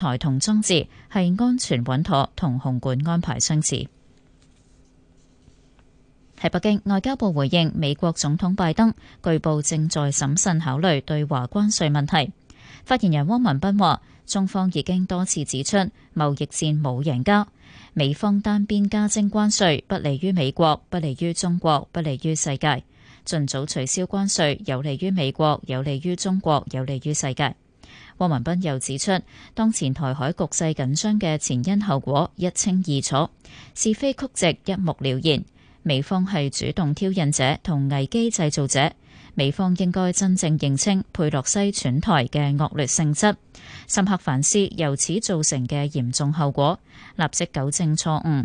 台同裝置係安全穩妥，同紅館安排相似。喺北京，外交部回應美國總統拜登，據報正在審慎考慮對華關稅問題。發言人汪文斌話，中方已經多次指出，貿易戰冇贏家。美方單邊加徵關稅，不利於美國，不利於中國，不利於世界。盡早取消關稅，有利於美國，有利於中國，有利於世界。汪文斌又指出，當前台海局勢緊張嘅前因後果一清二楚，是非曲直一目了然。美方係主動挑釁者同危機製造者，美方應該真正認清佩洛西竄台嘅惡劣性質，深刻反思由此造成嘅嚴重後果，立即糾正錯誤。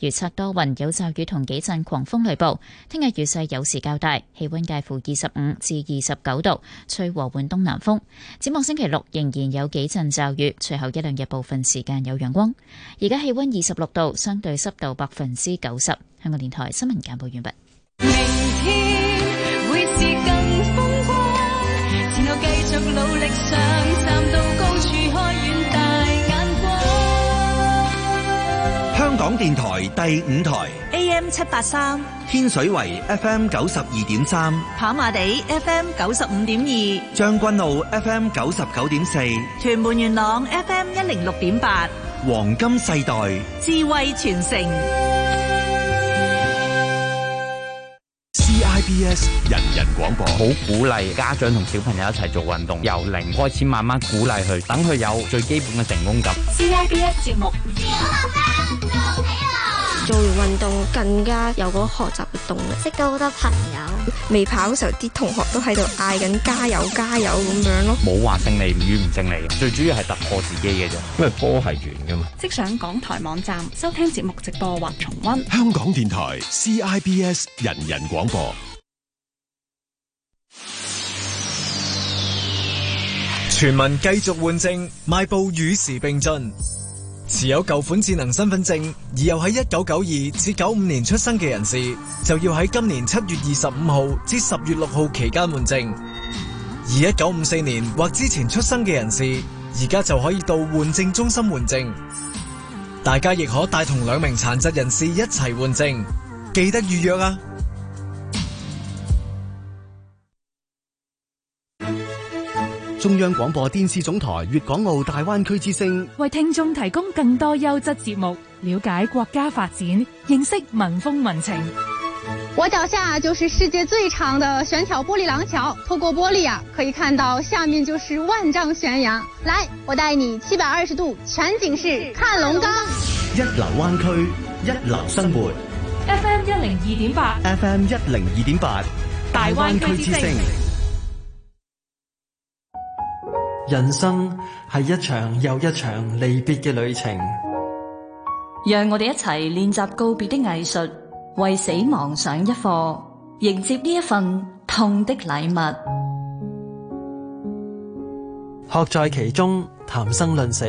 預測多雲，有驟雨同幾陣狂風雷暴。聽日雨勢有時較大，氣溫介乎二十五至二十九度，吹和緩東南風。展望星期六仍然有幾陣驟雨，隨後一兩日部分時間有陽光。而家氣溫二十六度，相對濕度百分之九十。香港電台新聞簡報完畢。明天會是更風光港電台第五台 AM 七八三，天水圍 FM 九十二點三，跑馬地 FM 九十五點二，將軍澳 FM 九十九點四，屯門元朗 FM 一零六點八，黃金世代智慧傳承 CIBS 人人廣播，好鼓勵家長同小朋友一齊做運動，由零開始慢慢鼓勵佢，等佢有最基本嘅成功感。CIBS 節目。 做完運動更加有個學習嘅動力，識到好多朋友。未跑嘅時候，啲同學都喺度嗌緊加油加油咁樣咯。冇話勝利與唔勝利，最主要係突破自己嘅啫，因為波係圓噶嘛。即上港台網站收聽節目直播或重溫。香港電台 CIBS 人人廣播。全民繼續換證，邁步與時並進。持有舊款智能身份證而又喺一九九二至九五年出生嘅人士，就要喺今年七月二十五號至十月六號期間換證；而一九五四年或之前出生嘅人士，而家就可以到換證中心換證。大家亦可帶同兩名殘疾人士一齊換證，記得預約啊！中央廣播電視總台粵港澳大灣區之聲，為聽眾提供更多優質節目，了解國家發展，認識民風民情。我腳下就是世界最長的懸挑玻璃廊橋，透過玻璃啊，可以看到下面就是萬丈懸崖。來，我帶你七百二十度全景式看龍崗，一流灣區，一流生活。一流生活 FM 一零二點八，FM 一零二點八，大灣區之聲。人生係一場又一場離別嘅旅程，讓我哋一齊練習告別的藝術，為死亡上一課，迎接呢一份痛的禮物。學在其中，談生論死，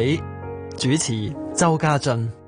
主持周家俊。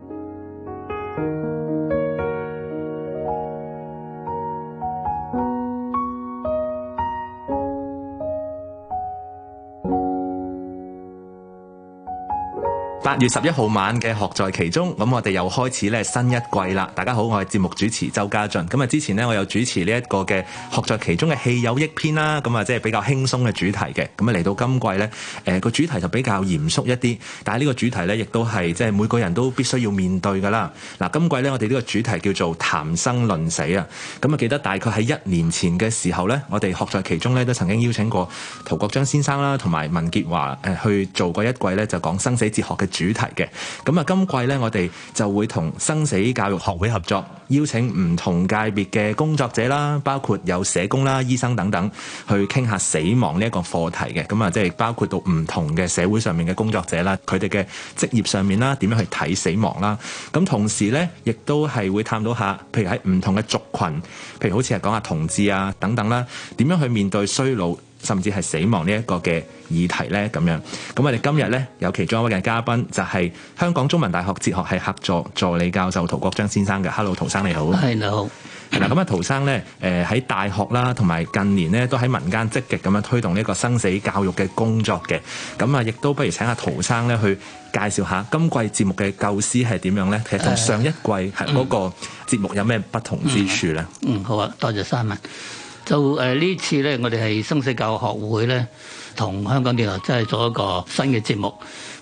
八月十一號晚嘅學在其中，咁我哋又開始咧新一季啦。大家好，我係節目主持周家俊。咁啊，之前呢，我有主持呢、這、一個嘅學在其中嘅戲有益篇啦，咁啊即係比較輕鬆嘅主題嘅。咁啊嚟到今季呢，誒個主題就比較嚴肅一啲，但係呢個主題呢，亦都係即係每個人都必須要面對噶啦。嗱，今季呢，我哋呢個主題叫做談生論死啊。咁啊記得大概喺一年前嘅時候呢，我哋學在其中呢，都曾經邀請過陶國璋先生啦，同埋文潔華誒去做過一季呢，就講生死哲學嘅。主題嘅。咁啊，今季咧我哋就會同生死教育學會合作，邀請唔同界別嘅工作者啦，包括有社工啦、醫生等等，去傾下死亡呢一個課題嘅。咁啊，即係包括到唔同嘅社會上面嘅工作者啦，佢哋嘅職業上面啦，點樣去睇死亡啦？咁同時呢，亦都係會探討下，譬如喺唔同嘅族群，譬如好似係講下同志啊等等啦，點樣去面對衰老？甚至係死亡呢一個嘅議題呢，咁樣咁我哋今日呢，有其中一位嘅嘉賓就係香港中文大學哲學係客座助理教授陶國璋先生嘅。Hello，陶生你好。係，你好。嗱咁啊， 陶生呢，誒、呃、喺大學啦，同埋近年呢，都喺民間積極咁樣推動呢一個生死教育嘅工作嘅。咁啊，亦都不如請阿陶生呢去介紹下今季節目嘅構思係點樣呢？其實同上一季喺嗰個節目有咩不同之處呢嗯嗯？嗯，好啊，多謝三位。就誒呢次咧，我哋係生死教育學會呢同香港電台即係做一個新嘅節目。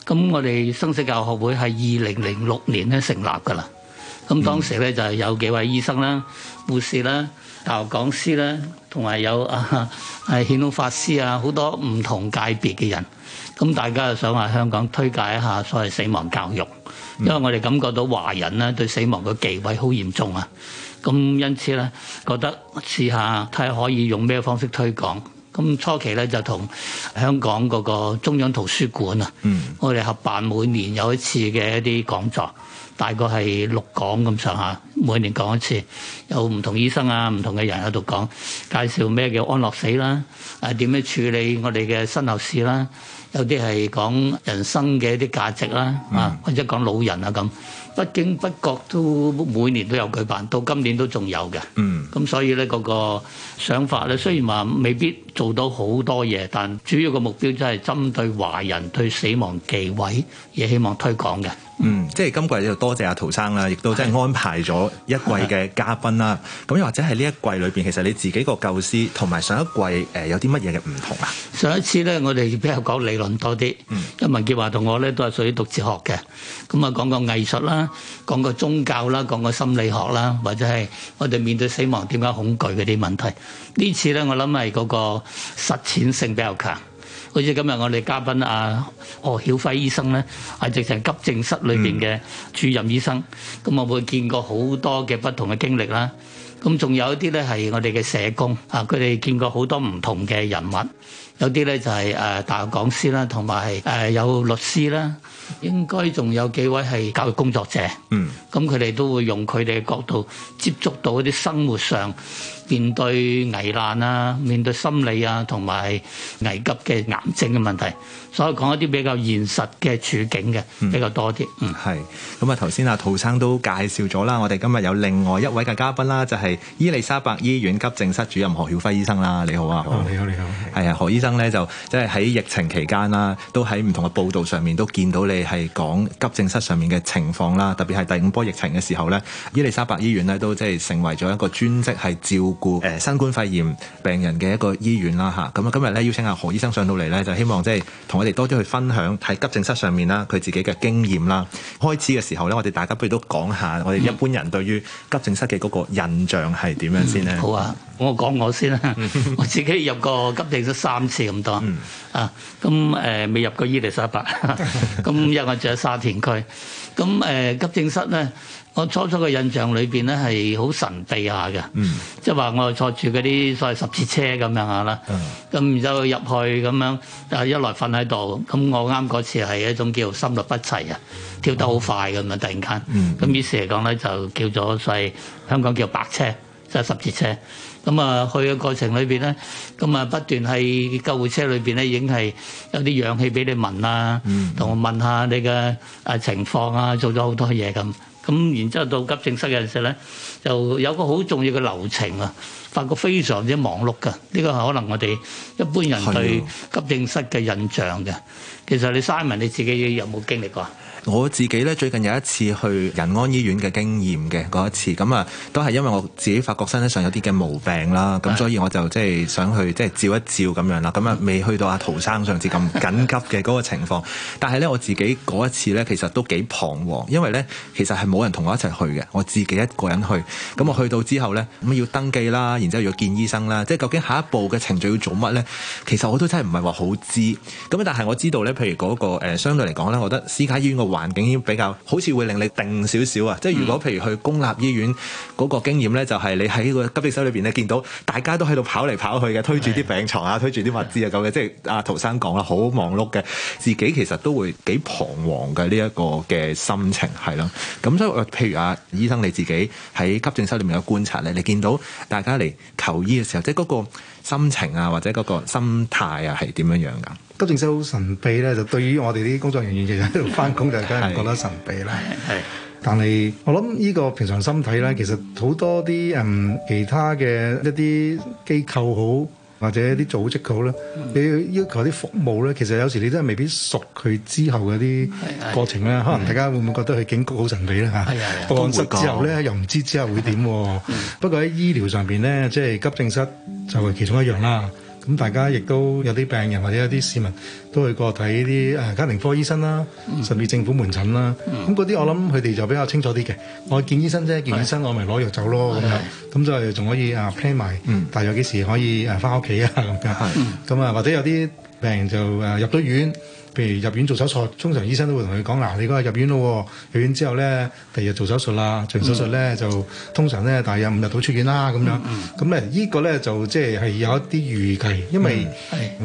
咁我哋生死教育學會係二零零六年咧成立噶啦。咁當時呢，就係有幾位醫生啦、護士啦、大學講師啦，同埋有啊，係顯通法師啊，好多唔同界別嘅人。咁大家就想話香港推介一下所謂死亡教育，因為我哋感覺到華人咧對死亡嘅忌諱好嚴重啊。咁因此咧，覺得試下睇下可以用咩方式推廣。咁初期咧就同香港嗰個中央圖書館啊，嗯、我哋合辦每年有一次嘅一啲講座，大概係六講咁上下，每年講一次，有唔同醫生啊、唔同嘅人喺度講，介紹咩叫安樂死啦、啊，誒、啊、點樣處理我哋嘅身後事啦、啊，有啲係講人生嘅一啲價值啦、啊，啊、嗯、或者講老人啊咁。不經不覺都每年都有舉辦，到今年都仲有嘅。咁、mm. 所以咧嗰、那個想法咧，雖然話未必做到好多嘢，但主要個目標就係針對華人對死亡忌諱，而希望推廣嘅。嗯，即係今季又多謝阿陶生啦，亦都即係安排咗一季嘅嘉賓啦。咁又的或者係呢一季裏邊，其實你自己個構思同埋上一季誒有啲乜嘢嘅唔同啊？上一次咧，我哋比較講理論多啲，因為文傑華同我咧都係屬於讀哲學嘅，咁啊講個藝術啦，講個宗教啦，講個心理學啦，或者係我哋面對死亡點解恐懼嗰啲問題。呢次咧，我諗係嗰個實踐性比較強。好似今日我哋嘉賓阿何、啊哦、曉輝醫生咧，係直情急症室裏邊嘅主任醫生，咁我、嗯、會見過好多嘅不同嘅經歷啦。咁仲有一啲咧係我哋嘅社工，啊佢哋見過好多唔同嘅人物。有啲咧就係誒大學講師啦，同埋係誒有律師啦，應該仲有幾位係教育工作者。嗯，咁佢哋都會用佢哋嘅角度接觸到一啲生活上面對危難啊、面對心理啊同埋危急嘅癌症嘅問題，所以講一啲比較現實嘅處境嘅、嗯、比較多啲。嗯，係咁啊，頭先阿陶生都介紹咗啦，我哋今日有另外一位嘅嘉賓啦，就係、是、伊利沙伯醫院急症室主任何曉輝醫生啦。你好啊。你好、哦、你好。係啊好，何醫生。咧就即係喺疫情期間啦，都喺唔同嘅報道上面都見到你係講急症室上面嘅情況啦，特別係第五波疫情嘅時候咧，伊利沙伯醫院咧都即係成為咗一個專職係照顧誒新冠肺炎病人嘅一個醫院啦嚇。咁啊今日咧邀請阿何醫生上到嚟咧，就希望即係同我哋多啲去分享喺急症室上面啦佢自己嘅經驗啦。開始嘅時候咧，我哋大家不如都講下我哋一般人對於急症室嘅嗰個印象係點樣先咧？好啊。我講我先啦，我自己入過急症室三次咁多啊。咁誒未入過伊利沙伯，咁因為我住喺沙田區。咁誒急症室咧，我初初嘅印象裏邊咧係好神秘下嘅，即係話我坐住嗰啲所謂十字車咁樣下啦。咁然之後入去咁樣，一來瞓喺度。咁我啱嗰次係一種叫心律不齊啊，跳得好快咁啊！突然間，咁於是嚟講咧就叫咗係香港叫白車，即係十字車。咁啊，去嘅過程裏邊咧，咁啊不斷係救護車裏邊咧，已經係有啲氧氣俾你聞啊，同我問下你嘅啊情況啊，做咗好多嘢咁，咁然之後到急症室嘅陣時候咧，就有個好重要嘅流程啊，發覺非常之忙碌噶，呢個係可能我哋一般人對急症室嘅印象嘅。的其實你 Simon 你自己有冇經歷過啊？我自己咧，最近有一次去仁安醫院嘅經驗嘅嗰一次，咁啊都係因為我自己發覺身體上有啲嘅毛病啦，咁的所以我就即係想去即係照一照咁樣啦，咁啊未去到阿陶生上次咁緊急嘅嗰個情況， 但係咧我自己嗰一次咧其實都幾彷徨，因為咧其實係冇人同我一齊去嘅，我自己一個人去，咁我去到之後咧咁要登記啦，然之後要見醫生啦，即係究竟下一步嘅程序要做乜咧？其實我都真係唔係話好知，咁但係我知道咧，譬如嗰個誒相對嚟講咧，我覺得私家醫院環境要比較，好似會令你定少少啊！即係如果譬如去公立醫院嗰個經驗咧，就係你喺個急症室裏邊咧，見到大家都喺度跑嚟跑去嘅，推住啲病床啊，推住啲物資啊，咁樣即係阿陶生講啦，好忙碌嘅，自己其實都會幾彷徨嘅呢一個嘅心情係咯。咁所以譬如阿、啊、醫生你自己喺急症室裏面嘅觀察咧，你見到大家嚟求醫嘅時候，即係嗰個心情啊，或者嗰個心態啊，係點樣樣噶？急症室好神秘咧，就對於我哋啲工作人員其實喺度翻工，就梗係唔覺得神秘啦。係，但係我諗依個平常心睇咧，其實好多啲嗯其他嘅一啲機構好，或者一啲組織好咧，你要要求啲服務咧，其實有時你真係未必熟佢之後嗰啲過程啦。可能大家會唔會覺得佢警局好神秘咧？嚇，講出之後咧，又唔知之後會點。不過喺醫療上邊咧，即係急症室就係其中一樣啦。咁大家亦都有啲病人或者有啲市民都去過睇啲誒家庭科醫生啦，甚至政府門診啦。咁嗰啲我諗佢哋就比較清楚啲嘅。我去見醫生啫，見醫生我咪攞藥走咯咁樣。咁就仲可以啊 plan 埋大約幾時可以誒返屋企啊咁樣。咁啊或者有啲病人就誒入咗院，譬如入院做手術，通常醫生都會同佢講：嗱，你嗰日入院咯，入院之後咧，第二日做手術啦，做完手術咧就通常咧，大約五日到出院啦咁樣。咁咧，呢個咧就即係係有一啲預計，因為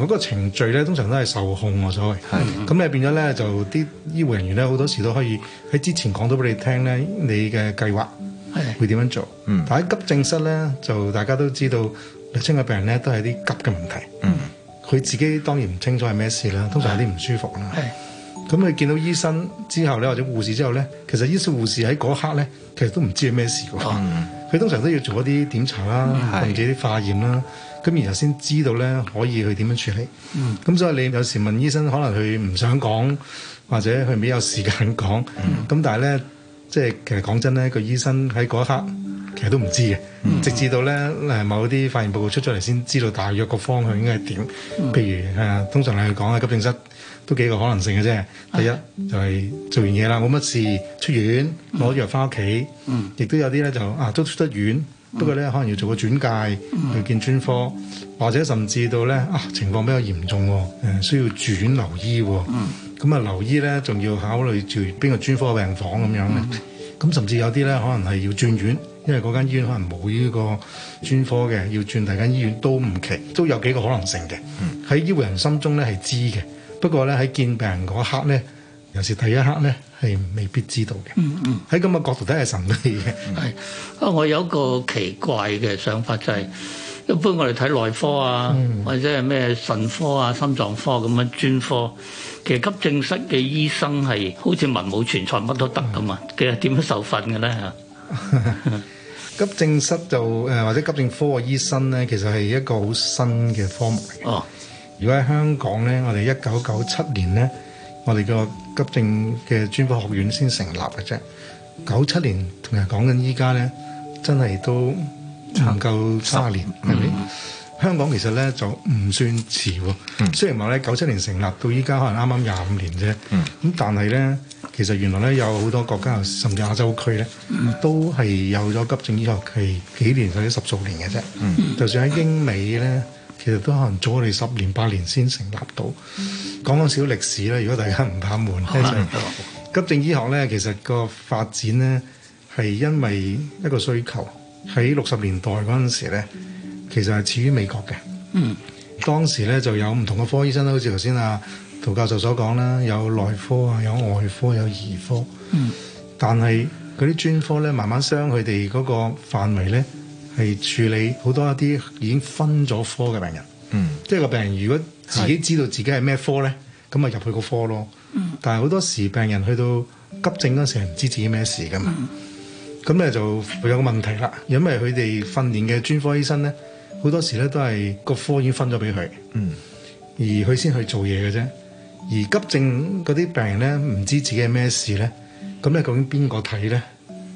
嗰個程序咧通常都係受控啊，所謂。咁你變咗咧就啲醫護人員咧好多時都可以喺之前講到俾你聽咧，你嘅計劃會點樣做。但喺急症室咧，就大家都知道清嘅病人咧都係啲急嘅問題。佢自己當然唔清楚係咩事啦，通常有啲唔舒服啦。咁佢、啊、見到醫生之後咧，或者護士之後咧，其實醫生、護士喺嗰刻咧，其實都唔知係咩事嘅。佢、嗯、通常都要做一啲檢查啦，或者啲化驗啦，咁、嗯、然後先知道咧，可以去點樣處理。咁、嗯、所以你有時問醫生，可能佢唔想講，或者佢未有時間講。咁、嗯、但係咧，即係其實講真咧，個醫生喺嗰一刻其實都唔知嘅，嗯、直至到咧誒某啲化驗報告出咗嚟先知道，大約個方向應該係點。譬、嗯、如誒、啊，通常你去講啊，急症室都幾個可能性嘅啫。第一的就係做完嘢啦，冇乜事出院攞藥，翻屋企，亦都、嗯、有啲咧就啊都出得院，不過咧可能要做個轉介去見專科，或者甚至到咧啊情況比較嚴重誒，需要住院留醫。嗯咁啊，留醫咧，仲要考慮住邊個專科病房咁樣咧。咁、嗯、甚至有啲咧，可能係要轉院，因為嗰間醫院可能冇呢個專科嘅，要轉第二間醫院都唔奇，都有幾個可能性嘅。喺、嗯、醫護人心中咧係知嘅，不過咧喺見病人嗰刻咧，尤其第一刻咧係未必知道嘅、嗯。嗯嗯，喺咁嘅角度睇係神啲嘅。係啊，我有一個奇怪嘅想法，就係、是、一般我哋睇內科啊，嗯、或者係咩腎科啊、心臟科咁樣專科。其實急症室嘅醫生係好似文武全才，乜都得咁啊！其實點樣受訓嘅咧嚇？ 急症室就誒、呃、或者急症科嘅醫生咧，其實係一個好新嘅科目嚟嘅。哦！如果喺香港咧，我哋一九九七年咧，我哋個急症嘅專科學院先成立嘅啫。九七年同埋講緊依家咧，真係都唔夠卅年，係咪吧？嗯。香港其實咧就唔算遲喎，嗯、雖然話咧九七年成立到依家可能啱啱廿五年啫，咁、嗯、但係咧其實原來咧有好多國家甚至亞洲區咧都係有咗急症醫學，期幾年或者十數年嘅啫。嗯、就算喺英美咧，其實都可能早我哋十年八年先成立到。講少少歷史咧，如果大家唔怕悶吧，急症醫學咧，其實個發展咧係因為一個需求喺六十年代嗰陣時咧。其實係始於美國嘅，嗯，當時咧就有唔同嘅科醫生啦，好似頭先啊陶教授所講啦，有內科啊，有外科，有兒科，嗯，但係嗰啲專科咧，慢慢將佢哋嗰個範圍咧，係處理好多一啲已經分咗科嘅病人，嗯，即係個病人如果自己知道自己係咩科咧，咁咪、嗯、入去個科咯，但係好多時病人去到急症嗰時係唔知自己咩事噶嘛，咁咧、嗯、就會有個問題啦，因為佢哋訓練嘅專科醫生咧。好多時咧都係個科已經分咗俾佢，嗯，而佢先去做嘢嘅啫。而急症嗰啲病人咧，唔知自己係咩事咧，咁咧究竟邊個睇咧？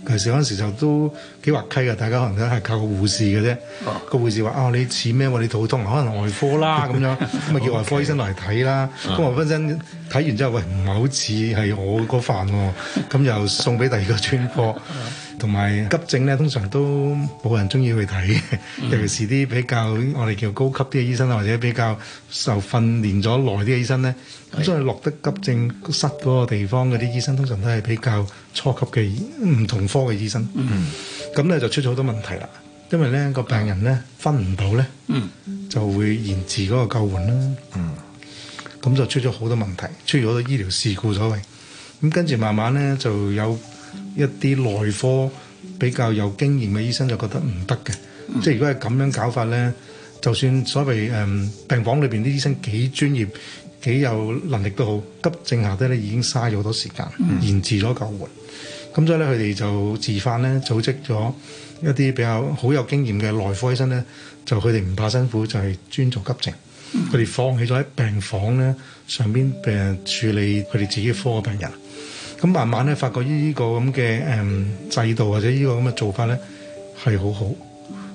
其實嗰陣時就都幾滑稽嘅，大家可能都係靠個護士嘅啫。啊、個護士話：啊，你似咩？你肚痛，可能外科啦咁樣，咁咪叫外科醫生嚟睇啦。咁我本身睇完之後，喂、哎，唔係好似係我嗰份喎，咁又 送俾第二個專科。同埋急症咧，通常都冇人中意去睇，尤其是啲比較我哋叫高級啲嘅醫生啊，或者比較受訓練咗耐啲嘅醫生咧，咁所以落得急症室嗰個地方嗰啲醫生，通常都係比較初級嘅唔同科嘅醫生。嗯，咁咧就出咗好多問題啦，因為咧個病人咧分唔到咧，嗯，就會延遲嗰個救援啦。嗯，咁就出咗好多問題，出咗好多醫療事故所謂。咁跟住慢慢咧就有一啲內科比較有經驗嘅醫生就覺得唔得嘅，嗯、即係如果係咁樣搞法咧，就算所謂誒、嗯、病房裏邊啲醫生幾專業、幾有能力都好，急症下低咧已經嘥咗好多時間，嗯、延遲咗救援。咁所以咧，佢哋就自發咧組織咗一啲比較好有經驗嘅內科醫生咧，就佢哋唔怕辛苦，就係、是、專做急症，佢哋、嗯、放棄咗喺病房咧上邊誒處理佢哋自己科嘅病人。咁慢慢咧，發覺呢依個咁嘅誒制度或者呢個咁嘅做法咧係好好，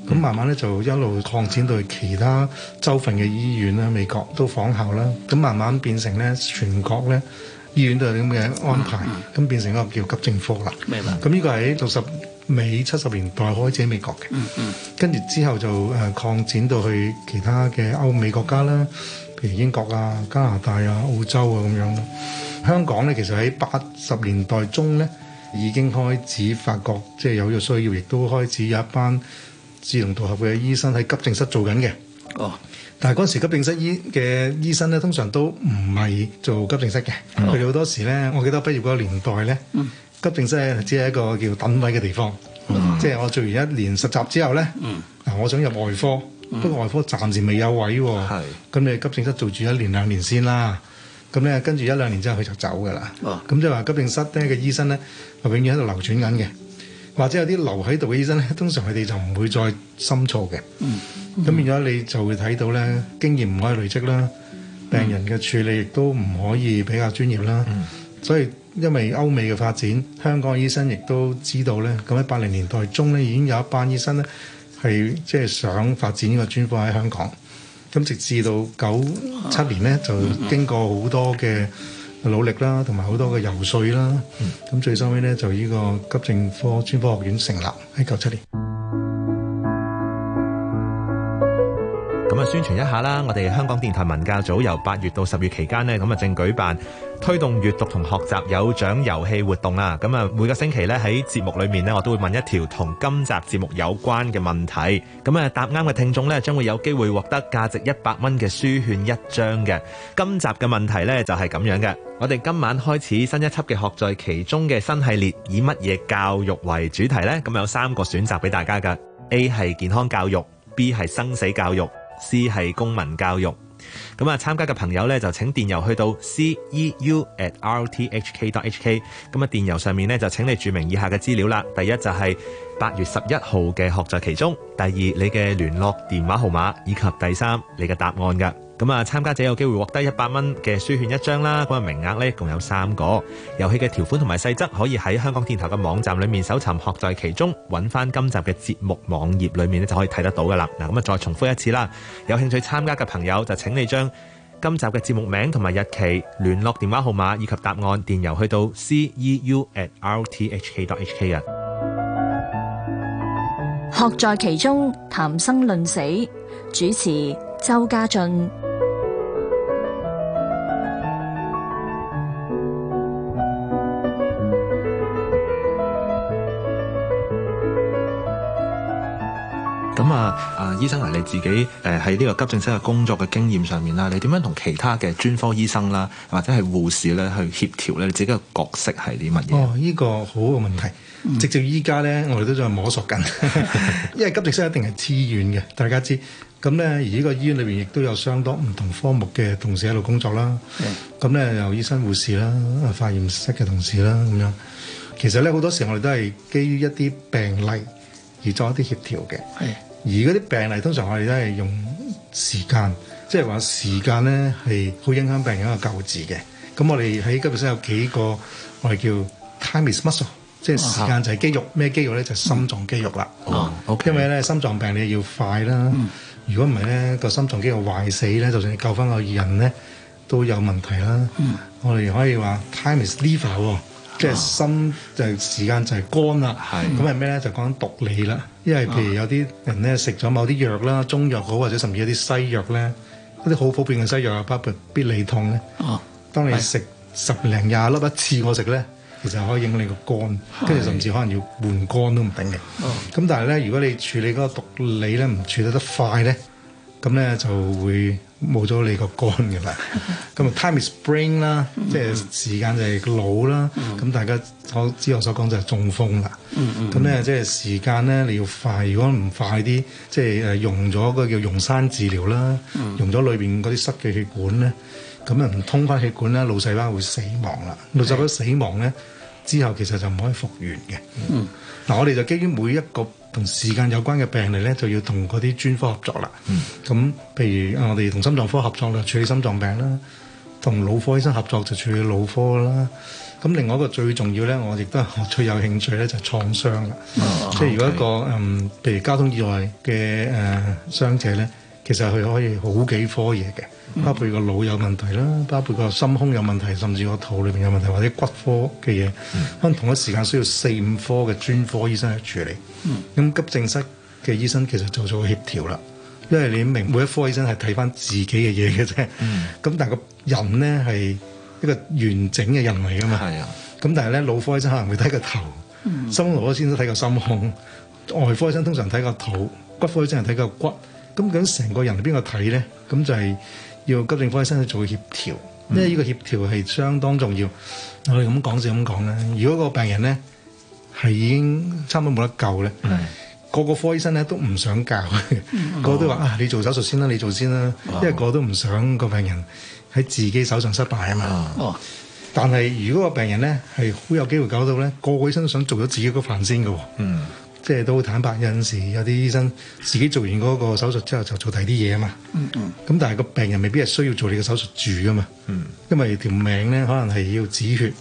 咁慢慢咧就一路擴展到其他州份嘅醫院啦，美國都仿效啦，咁慢慢變成咧全國咧醫院都有啲咁嘅安排，咁、嗯嗯、變成一個叫急症科啦。明白。咁呢個喺六十、尾，七十年代開始喺美國嘅、嗯，嗯嗯，跟住之後就誒擴展到去其他嘅歐美國家啦。英國啊、加拿大啊、澳洲啊咁樣咯。香港咧，其實喺八十年代中咧，已經開始發覺即係有咗需要，亦都開始有一班志同道合嘅醫生喺急症室做緊嘅。哦，但係嗰時急症室醫嘅醫生咧，通常都唔係做急症室嘅。佢哋好多時咧，我記得畢業嗰個年代咧，嗯、急症室只係一個叫等位嘅地方。嗯、即係我做完一年實習之後咧，嗱、嗯，嗯、我想入外科。嗯、不過外科暫時未有位喎、哦，咁你是急症室做住一年兩年先啦，咁咧，跟住一兩年之後佢就走㗎喇，咁、哦、即係話急症室呢嘅醫生咧，永遠喺度流轉緊嘅，或者有啲留喺度嘅醫生咧，通常佢哋就唔會再深造嘅，咁變咗你就會睇到咧，經驗唔可以累積啦，病人嘅處理亦都唔可以比較專業啦，嗯、所以因為歐美嘅發展，香港嘅醫生亦都知道咧，咁喺八零年代中咧已經有一班醫生咧。係即係想發展呢個專科喺香港，咁直至到九七年呢，就經過好多嘅努力啦，同埋好多嘅游說啦，咁，嗯，最收尾呢，就呢個急症科專科學院成立喺九七年。咁啊，宣傳一下啦！我哋香港電台文教組由八月到十月期間呢，咁啊，正舉辦推動閱讀同學習有獎遊戲活動啊。咁啊，每個星期呢，喺節目裏面呢，我都會問一條同今集節目有關嘅問題。咁啊，答啱嘅聽眾呢，將會有機會獲得價值一百蚊嘅書券一張嘅。今集嘅問題呢，就係咁樣嘅。我哋今晚開始新一輯嘅學在其中嘅新系列，以乜嘢教育為主題呢？咁有三個選擇俾大家噶，A 係健康教育，B 係生死教育。C 係公民教育，咁啊參加嘅朋友咧就請電郵去到 c e u at r t h k dot h k，咁啊電郵上面咧就請你註明以下嘅資料啦，第一就係八月十一號嘅學在其中，第二你嘅聯絡電話號碼，以及第三你嘅答案噶。咁啊，參加者有機會獲得一百蚊嘅書券一張啦！咁啊，名額咧共有三個。遊戲嘅條款同埋細則可以喺香港電台嘅網站裏面搜尋學在其中，揾翻今集嘅節目網頁裏面咧就可以睇得到噶啦。嗱，咁啊，再重複一次啦！有興趣參加嘅朋友就請你將今集嘅節目名同埋日期、聯絡電話號碼以及答案電郵去到 c e u at r t h k d h k 啊。學在其中，談生論死，主持，周家俊，咁 啊，啊醫生嚟，啊，你自己誒喺呢個急症室嘅工作嘅經驗上面啦，你點樣同其他嘅專科醫生啦、啊，或者係護士咧去協調咧？你自己嘅角色係啲乜嘢？哦，呢、這個好嘅問題。直至依家咧，嗯、我哋都仲係摸索緊， 因為急症室一定係支援嘅，大家知。咁咧，而呢個醫院裏邊亦都有相當唔同科目嘅同事喺度工作啦。咁咧，由醫生、護士啦，化驗室嘅同事啦，咁樣。其實咧，好多時我哋都係基於一啲病例而做一啲協調嘅。而嗰啲病例通常我哋都係用時間，即係話時間咧係好影響病人嘅救治嘅。咁我哋喺今日先有幾個我哋叫 Time is muscle，即係時間就係肌肉，咩肌肉咧，就係心臟肌肉啦。哦，OK。因為咧心臟病你要快啦。如果唔係咧，個心臟肌肉壞死咧，就算你救翻個人咧，都有問題啦。嗯、我哋可以話 time is liver 即係心就係時間就係肝啦。咁係咩咧？就講緊毒理啦。因為譬如有啲人咧食咗某啲藥啦，中藥好或者甚至有啲西藥咧，嗰啲好普遍嘅西藥包括啊，譬如必理痛咧，當你食十零廿粒一次我食咧。其實可以影響你個肝，跟住的甚至可能要換肝都唔定嘅。咁、嗯、但係咧，如果你處理嗰個毒理咧，唔處理得，得快咧，咁咧就會冇咗你個肝㗎啦。咁啊 ，time is brain 啦，即係時間就係腦啦。咁、嗯、大家所知我所講就係中風啦。咁咧即係時間咧，你要快，如果唔快啲，即係誒溶咗個叫溶栓治療啦，嗯、用咗裏邊嗰啲塞嘅血管咧。咁啊，唔通返血管啦，腦細胞會死亡啦。腦細胞死亡咧，之後其實就唔可以復原嘅。嗯，嗱，我哋就基於每一個同時間有關嘅病例咧，就要同嗰啲專科合作啦。嗯，咁譬如啊，我哋同心臟科合作啦，處理心臟病啦；同腦科醫生合作就處理腦科啦。咁另外一個最重要咧，我亦都係最有興趣咧，就係創傷啦。即係如果一個嗯，譬如交通意外嘅誒傷者咧，其實佢可以好幾科嘢嘅。包括個腦有問題啦，包括個心胸有問題，甚至個肚裏邊有問題，或者骨科嘅嘢，嗯、可能同一時間需要四五科嘅專科醫生去處理。咁、嗯、急症室嘅醫生其實做咗個協調啦，因為你明每一科醫生係睇翻自己嘅嘢嘅啫。咁、嗯、但係個人咧係一個完整嘅人嚟噶嘛。咁、嗯、但係咧，腦科醫生可能會睇個頭，嗯、心內科醫生睇個心胸，外科醫生通常睇個肚，骨科醫生係睇個骨。咁究竟成個人係邊個睇咧？咁就係、是。要急症科醫生去做協調，因為呢個協調係相當重要。嗯、我哋咁講就咁講啦。如果個病人咧係已經差唔多冇得救咧，個、嗯、個科醫生咧都唔想教，個、嗯、 個都話啊，你做手術先啦、啊，你做先啦、啊，嗯、因為個都唔想個病人喺自己手上失敗啊嘛。哦、嗯，嗯、但係如果個病人咧係好有機會搞到咧，個個醫生都想做咗自己個飯先嘅喎。嗯。即係都坦白，有陣時有啲醫生自己做完嗰個手術之後就做第啲嘢啊嘛。咁、嗯嗯、但係個病人未必係需要做你嘅手術住啊嘛。嗯、因為條命咧可能係要止血，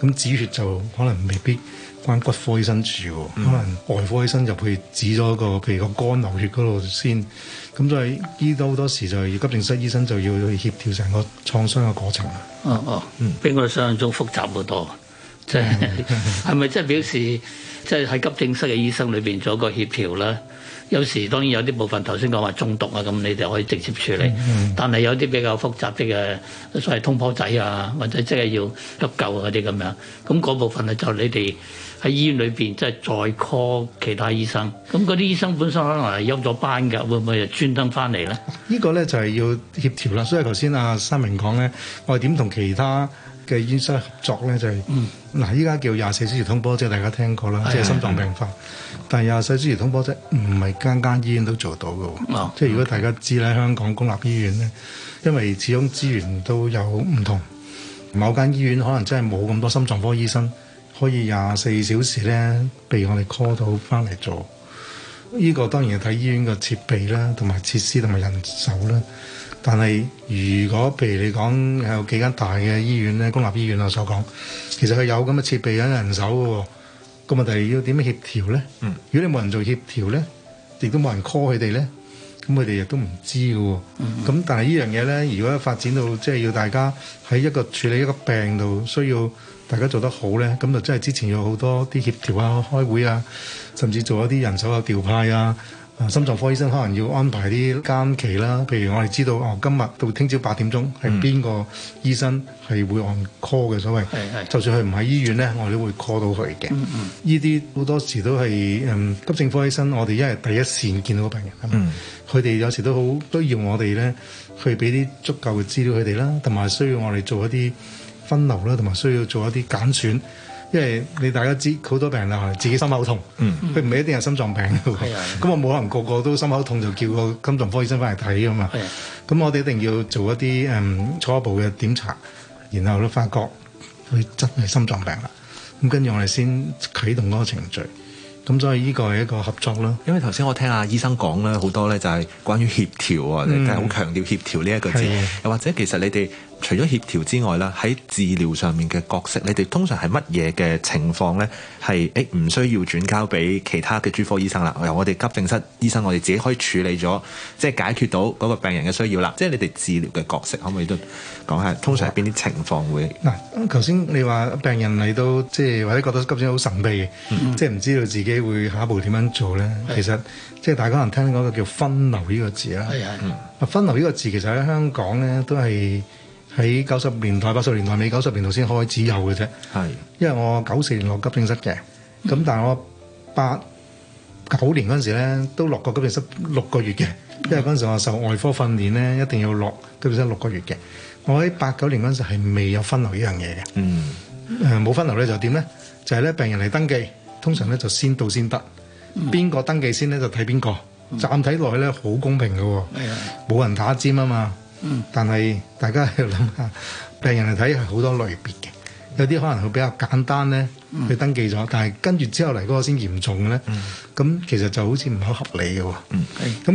咁止血就可能未必關骨科醫生住，可能外科醫生入去止咗個譬如個肝流血嗰度先。咁所以醫都好多時就係急症室醫生就要去協調成個創傷嘅過程啦、哦。哦哦，比、嗯、我想象中複雜好多。即係係咪即係表示？即係喺急症室嘅醫生裏邊做一個協調啦。有時當然有啲部分頭先講話中毒啊，咁你哋可以直接處理。嗯嗯，但係有啲比較複雜啲嘅，所謂通波仔啊，或者即係要急救嗰啲咁樣，咁嗰部分啊就你哋喺醫院裏邊即係再 call 其他醫生。咁嗰啲醫生本身可能係休咗班㗎，會唔會專登翻嚟咧？呢個咧就係要協調啦。所以頭先阿三明講咧，我哋點同其他嘅醫生合作咧就係、嗯，嗱，依家叫廿四小時通波即係大家聽過啦，嗯、即係心臟病發。嗯、但係廿四小時通波即係唔係間間醫院都做到嘅，嗯、即係如果大家知咧，嗯、香港公立醫院咧，因為始終資源都有唔同，某間醫院可能真係冇咁多心臟科醫生可以廿四小時咧畀我哋 call 到翻嚟做。呢、呢個當然係睇醫院嘅設備啦，同埋設施同埋人手啦。但係，如果譬如你講有幾間大嘅醫院咧，公立醫院我所講，其實佢有咁嘅設備，有人手嘅喎，咁啊，但要點樣協調咧？嗯、如果你冇人做協調咧，亦都冇人 call 佢哋咧，咁佢哋亦都唔知嘅喎。咁、嗯嗯、但係呢樣嘢咧，如果發展到即係要大家喺一個處理一個病度需要大家做得好咧，咁就真係之前有好多啲協調啊、開會啊，甚至做一啲人手嘅、啊、調派啊。心臟科醫生可能要安排啲間期啦，譬如我哋知道哦，今日到聽朝八點鐘係邊個醫生係會按 call 嘅，所謂就算佢唔喺醫院咧，mm. 我哋都會 call 到佢嘅。呢啲好多時都係誒、嗯、急症科醫生，我哋因為第一線見到個病人啊嘛，佢哋、mm. 有時都好需要我哋咧去俾啲足夠嘅資料佢哋啦，同埋需要我哋做一啲分流啦，同埋需要做一啲揀選。因為你大家知好多病啦，自己心口痛，佢唔係一定係心臟病。咁我冇可能個個都心口痛就叫個心臟科醫生翻嚟睇啊嘛。咁、嗯、我哋一定要做一啲誒初步嘅檢查，然後都發覺佢真係心臟病啦。咁跟住我哋先啟動嗰個程序。咁所以呢個係一個合作咯。因為頭先我聽阿醫生講咧，好多咧就係關於協調啊，即係好強調協調呢一個字。又的或者其實你哋。除咗協調之外啦，喺治療上面嘅角色，你哋通常係乜嘢嘅情況咧？係誒唔需要轉交俾其他嘅專科醫生啦，由我哋急症室醫生，我哋自己可以處理咗，即係解決到嗰個病人嘅需要啦。即係你哋治療嘅角色，可唔可以都講下？通常係邊啲情況會？嗱，頭先、嗯、你話病人你都即係、就是、或者覺得急症好神秘嘅，即係唔知道自己會下一步點樣做咧？係、其實即係、就是、大家可能聽嗰個叫分流呢個字啦。係啊，嗯嗯、分流呢個字其實喺香港咧都係。喺九十年代、八十年代尾、九十年代先開始有嘅啫。係是，因為我九四年落急症室嘅，咁、嗯、但係我八九年嗰陣時咧，都落過急症室六個月嘅。嗯、因為嗰陣時我受外科訓練咧，一定要落急症室六個月嘅。我喺八九年嗰陣時係未有分流呢樣嘢嘅。嗯，誒冇、呃、分流咧就點咧？就係、是、咧病人嚟登記，通常咧就先到先得，邊個、嗯、登記先咧就睇邊個，嗯、暫睇落去咧好公平嘅喎，冇、嗯、人打尖啊嘛。嘛嗯，但係大家要諗下，病人嚟睇係好多類別嘅，有啲可能會比較簡單咧。佢、嗯、登記咗，但係跟住之後嚟嗰個先嚴重嘅咧，咁、嗯、其實就好似唔係好合理嘅喎。咁嗰、嗯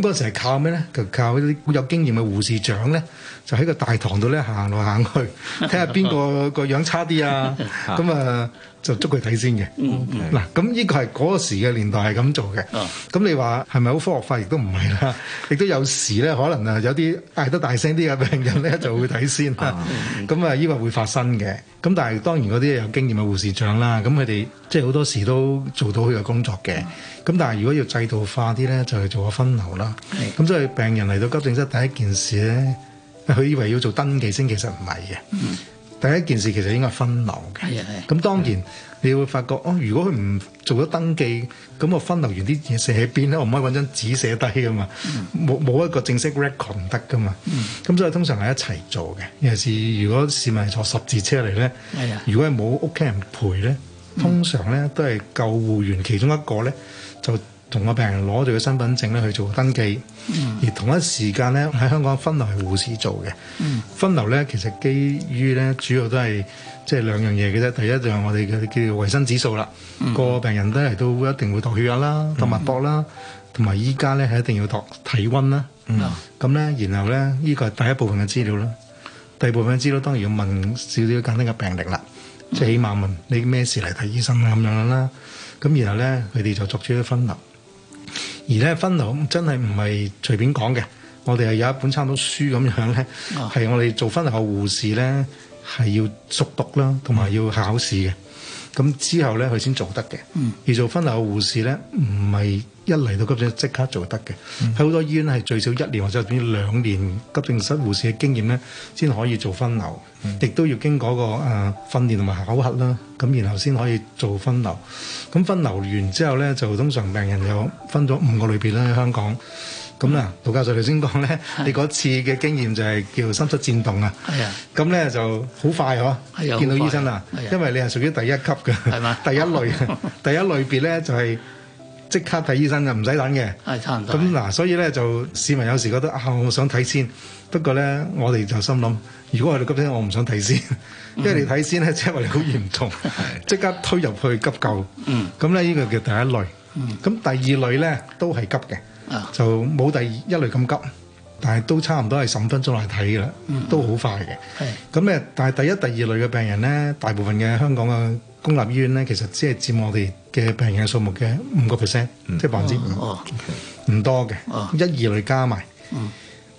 okay. 時係靠咩咧？就靠啲有經驗嘅護士長咧，就喺個大堂度咧，行來行去，睇下邊個個樣差啲啊，咁啊就捉佢睇先嘅。嗱，咁呢個係嗰時嘅年代係咁做嘅。咁你話係咪好科學化？亦都唔係啦，亦都有時咧，可能啊有啲嗌得大聲啲嘅病人咧就會睇先啦。咁 啊呢個 okay. 會發生嘅。咁但係當然嗰啲有經驗嘅護士長啦。咁佢哋即係好多時都做到佢嘅工作嘅。咁但係如果要制度化啲咧，就係做個分流啦。咁所以病人嚟到急症室第一件事咧，佢以為要做登記先，其實唔係嘅。第一件事其實應該係分流嘅。係啊係。咁當然你會發覺哦，如果佢唔做咗登記，咁我分流完啲嘢寫喺邊咧？我唔可以揾張紙寫低噶嘛。冇，冇一個正式 record 唔得噶嘛。咁所以通常係一齊做嘅。尤其是如果市民係坐十字車嚟咧，係啊。如果係冇屋企人陪咧。通常咧都係救護員其中一個，咧，就同個病人攞住個身份證咧去做登記，嗯、而同一時間咧喺香港分流係護士做嘅。嗯、分流咧其實基於咧主要都係即係兩樣嘢嘅啫，第一就係我哋嘅叫衞生指數啦。嗯、個病人都係都一定會度血壓啦、度脈搏啦，同埋依家咧係一定要度體温啦。咁咧、嗯，嗯、然後咧呢個係第一部分嘅資料啦，第二部分嘅資料當然要問少少簡單嘅病歷啦。即係起碼問你咩事嚟睇醫生啊咁樣啦，咁然後咧佢哋就作出一分流，而咧分流真係唔係隨便講嘅，我哋係有一本差唔多書咁樣咧，係我哋做分流嘅護士咧係要熟讀啦，同埋要考試嘅，咁之後咧佢先做得嘅。而做分流嘅護士咧唔係一嚟到急症即刻做得嘅，喺好多醫院係最少一年或者甚至兩年急症室護士嘅經驗咧先可以做分流。亦都要經過個誒訓練同埋考核啦，咁然後先可以做分流。咁分流完之後咧，就通常病人有分咗五個類別啦，喺香港。咁啦，陶教授頭先講咧，你嗰次嘅經驗就係叫心室顫動啊。係啊，咁咧就好快嗬，見到醫生啦，因為你係屬於第一級嘅，係嘛，第一類嘅，第一類別咧就係。即刻睇醫生就唔使等嘅，咁嗱，所以咧就市民有時覺得啊，我想睇先，不過咧我哋就心諗，如果我哋急症我唔想睇先，因為你睇先咧即係我哋好嚴重，即刻推入去急救，咁咧呢個叫第一類，咁第二類咧都係急嘅，就冇第一類咁急，但係都差唔多係十五分鐘嚟睇嘅啦，都好快嘅，咁咧但係第一、第二類嘅病人咧，大部分嘅香港嘅，公立醫院咧，其實只係佔我哋嘅病人嘅數目嘅五個 percent，即係百分之五，唔多嘅。一二類加埋，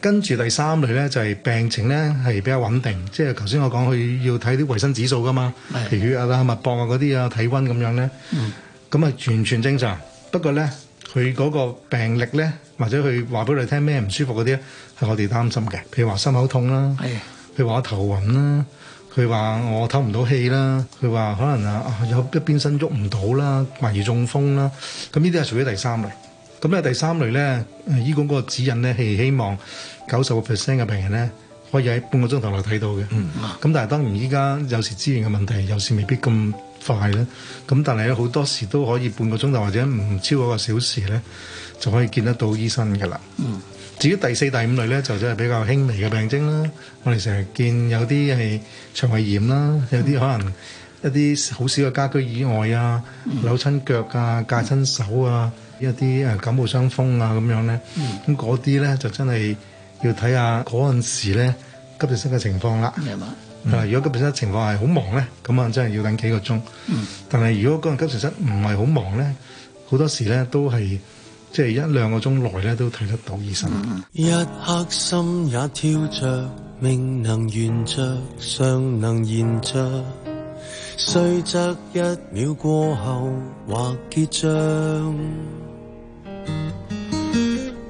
跟住第三類咧就係病情咧係比較穩定。即係頭先我講佢要睇啲衞生指數噶嘛，譬如啊、脈搏啊嗰啲啊、體温咁樣咧，咁啊完全正常。不過咧，佢嗰個病歷咧，或者佢話俾你聽咩唔舒服嗰啲，係我哋擔心嘅。譬如話心口痛啦，譬如話我頭暈啦。佢話我透唔到氣啦，佢話可能啊有一邊身喐唔到啦，懷疑中風啦，咁呢啲係屬於第三類。咁咧第三類咧，醫管局個指引咧係希望九十個 percent 嘅病人咧可以喺半個鐘頭內睇到嘅。咁、嗯、但係當然依家有時資源嘅問題，有時未必咁快啦。咁但係咧好多時都可以半個鐘頭或者唔超過一個小時咧就可以見得到醫生嘅啦。嗯至於第四、第五類咧，就真係比較輕微嘅病徵啦。我哋成日見有啲係腸胃炎啦，有啲可能一啲好少嘅家居意外啊，扭親腳啊、戒親手啊，一啲誒感冒傷風啊咁樣咧。咁嗰啲咧就真係要睇下嗰陣時咧急症室嘅情況啦。明嘛？嗱、嗯，如果急症室情況係好忙咧，咁啊真係要等幾個鐘。嗯、但係如果嗰個急症室唔係好忙咧，好多時咧都係。即係一兩個鐘內咧，都睇得到醫生。一、mm hmm. 一刻心也跳着，着，着。命能懸着，尚能延着。雖則一秒過後或結帳，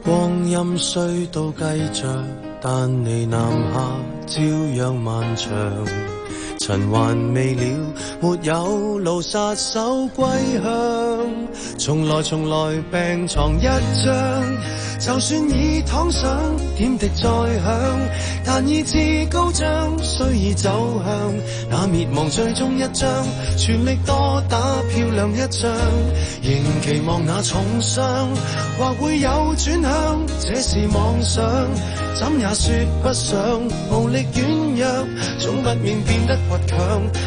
光陰雖到繼着，但你南下，朝陽漫長，塵還未了，沒有路，殺手歸向。從來從來病牀一張，就算已躺上，點滴再響，但意志高漲，雖已走向那滅亡最終一章，全力多打漂亮一仗，仍期望那重傷或會有轉向，這是妄想，怎也說不上，無力遠。總不免變得倔強，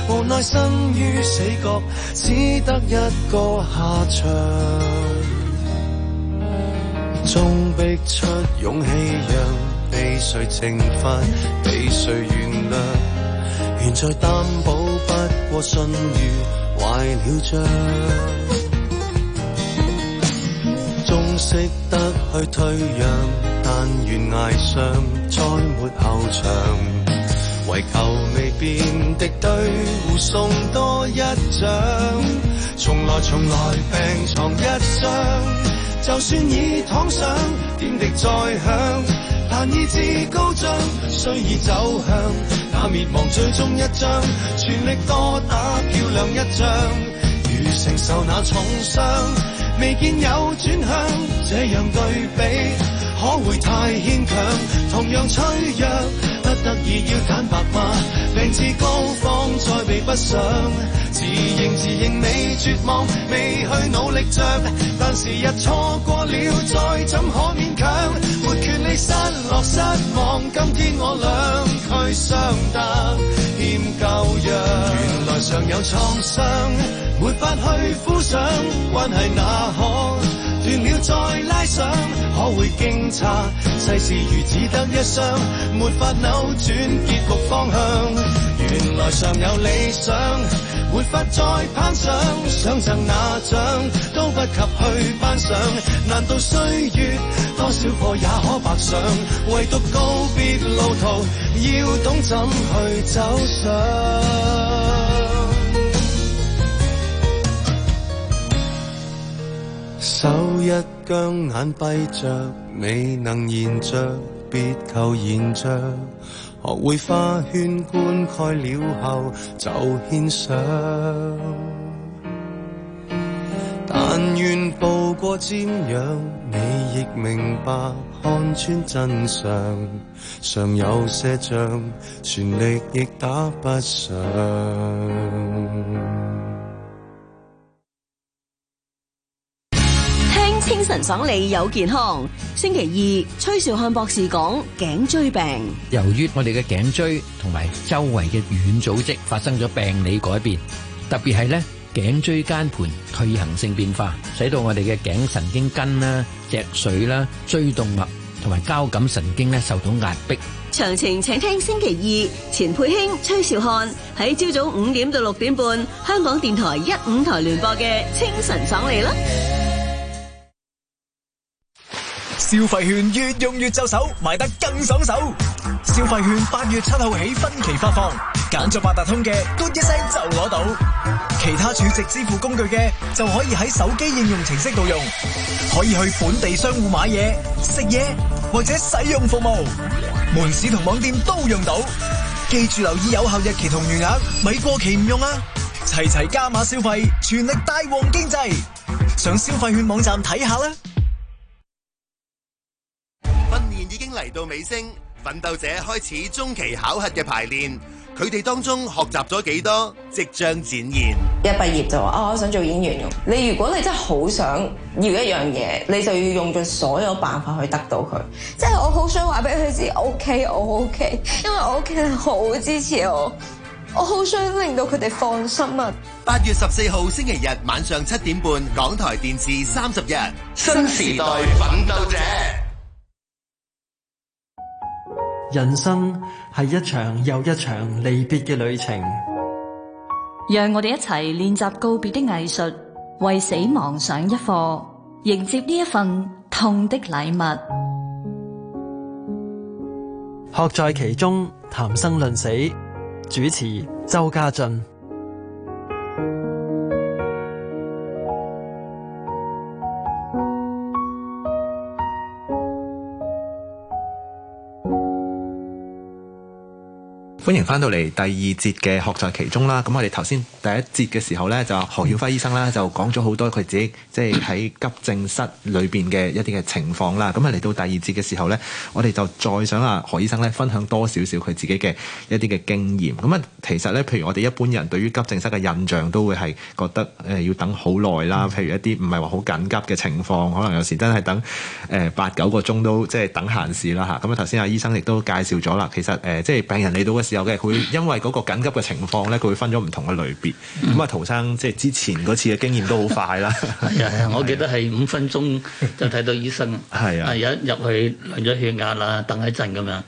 無奈生於死角，只得一個下場。終逼出勇氣，讓被誰懲罰，被誰原諒，現在擔保不過信譽壞了賬。終識得去退讓，但懸崖上再沒後場。唯求未變的對，護送多一掌。從來從來病牀一張，就算已躺上，點滴再響，但意志高漲，雖已走向那滅亡最終一章，全力多打漂亮一仗。如承受那重傷，未見有轉向，這樣對比可會太牽強？同樣脆弱。得以要坦白嗎？病至膏肓再避不上，自認自認未絕望，未去努力着。但時日錯過了，再怎可勉強？沒權利失落失望，今天我兩俱傷得，欠舊約。夠樣原來尚有創傷，沒法去敷上，關係哪可斷了再拉上？會驚詫，世事如此得一雙，沒法扭轉結局方向。原來尚有理想，沒法再攀上。想贈那獎，都不及去班上。難道歲月多少課也可白上？唯獨告別路途，要懂怎去走上。首日。將眼閉着，未能延着，別求延着。學會花圈，棺蓋了後就獻上。但願步過瞻仰，你亦明白看穿真相。常有些仗，全力亦打不上。清晨爽利有健康。星期二，崔兆漢博士講頸椎病。由於我哋嘅頸椎同埋周圍嘅軟組織發生咗病理改變，特別係咧頸椎間盤退行性變化，使到我哋嘅頸神經根啦、脊髓啦、椎動脈同埋交感神經咧受到壓迫。詳情請聽星期二，錢佩興、崔兆漢喺朝早五點到六點半，香港電台一五台聯播嘅《清晨爽利》啦。消費券越用越就手，買得更爽手。消費券八月七號起分期發放，揀咗八達通嘅，嘟一聲就攞到；其他儲值支付工具嘅，就可以喺手機應用程式度用。可以去本地商戶買嘢、食嘢或者使用服務，門市同網店都用到。記住留意有效日期同餘額，咪過期唔用啊！齊齊加碼消費，全力帶旺經濟，上消費券網站睇下啦。嚟到尾聲，奮鬥者開始中期考核嘅排練，佢哋當中學習咗幾多，即將展現。一畢業就話啊，哦、我想做演員用，你如果你真係好想要一樣嘢，你就要用盡所有辦法去得到佢。即係我好想話俾佢知，OK，我 OK，因為我屋企人好支持我，我好想令到佢哋放心啊！八月十四號星期日晚上七點半，港台電視三十日，新時代奮鬥者。人生係一場又一場離別嘅旅程，讓我哋一齊練習告別嘅藝術，為死亡上一課，迎接呢一份痛的禮物。學在其中，談生論死，主持周家俊。歡迎翻到嚟第二節嘅學在其中啦！咁我哋頭先第一節嘅時候呢，就何曉輝醫生啦，就講咗好多佢自己即係喺急症室裏邊嘅一啲嘅情況啦。咁啊嚟到第二節嘅時候呢，我哋就再想啊何醫生呢，分享多少少佢自己嘅一啲嘅經驗。咁啊，其實呢，譬如我哋一般人對於急症室嘅印象都會係覺得誒、呃、要等好耐啦。譬如一啲唔係話好緊急嘅情況，可能有時真係等誒、呃、八九個鐘都即係等閒事啦嚇。咁啊頭先阿醫生亦都介紹咗啦，其實誒、呃、即係病人嚟到嘅時候。有嘅，佢因為嗰個緊急嘅情況咧，佢會分咗唔同嘅類別。咁啊、嗯，陶生即係之前嗰次嘅經驗都好快啦。係 啊，我記得係五分鐘就睇到醫生。係 啊，有一入去量咗血壓啦，等一陣咁樣。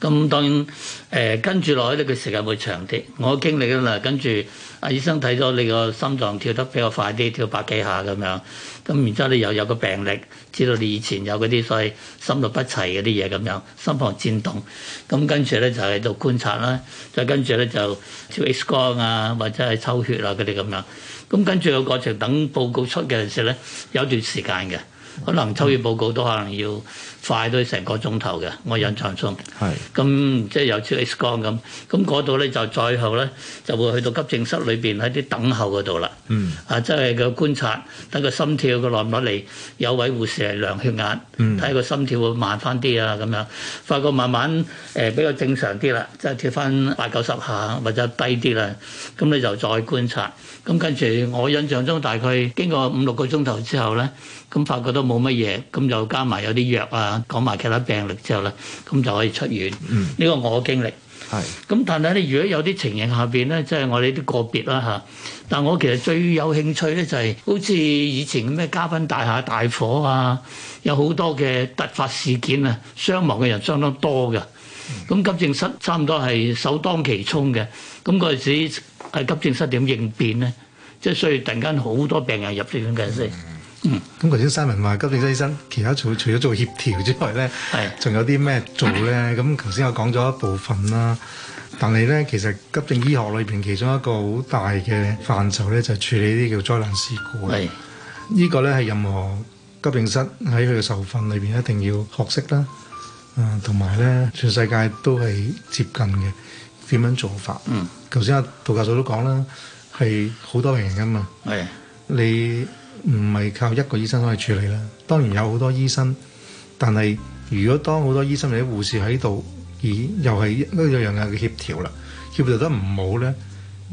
咁當然誒、呃、跟住落去呢，佢時間會長啲。我經歷嘅啦，跟住。跟阿醫生睇咗你個心臟跳得比較快啲，跳百幾下咁樣，咁然之後你又有個病歷，知道你以前有嗰啲所謂心律不齊嗰啲嘢咁樣，心房顫動，咁跟住咧就喺度觀察啦，再跟住咧就照 X 光啊，或者係抽血啊嗰啲咁樣，咁跟住個過程等報告出嘅陣時咧，有段時間嘅。可能抽血報告都可能要快到成個鐘頭嘅，我印象中係咁、嗯，即係有出 X 光咁，咁嗰度咧就最後咧就會去到急症室裏邊喺啲等候嗰度啦。嗯，啊即係個觀察，等個心跳個脈脈嚟。有位護士係量血壓，睇、嗯、個心跳會慢翻啲啊咁樣，發覺慢慢誒、呃、比較正常啲啦，即係跳翻八九十下或者低啲啦。咁你就再觀察，咁跟住我印象中大概經過五六個鐘頭之後咧。咁發覺都冇乜嘢，咁就加埋有啲藥啊，講埋其他病歷之後咧，咁就可以出院。呢個、嗯、我經歷。係。咁但係咧，如果有啲情形下邊咧，即係我哋啲個別啦嚇。但我其實最有興趣咧，就係好似以前咩嘉賓大廈大火啊，有好多嘅突發事件啊，傷亡嘅人相當多嘅。咁、嗯、急症室差唔多係首當其衝嘅。咁嗰陣時喺急症室點應變咧？即係需要突然間好多病人入醫院嘅先。嗯嗯。嗯，咁頭先 Simon 話急症室醫生，其他除除咗做協調之外咧，係仲有啲咩做咧？咁頭先我講咗一部分啦，但係咧，其實急症醫學裏邊其中一個好大嘅範疇咧，就係處理呢啲叫災難事故。係，依個咧係任何急症室喺佢嘅受訓裏邊一定要學識啦。啊，同埋咧，全世界都係接近嘅點樣做法。嗯，頭先阿陶教授都講啦，係好多病人噶嘛。係，你。唔係靠一個醫生可以處理啦。當然有好多醫生，但係如果當好多醫生或者護士喺度，已又係一樣嘅協調啦。協調得唔好咧，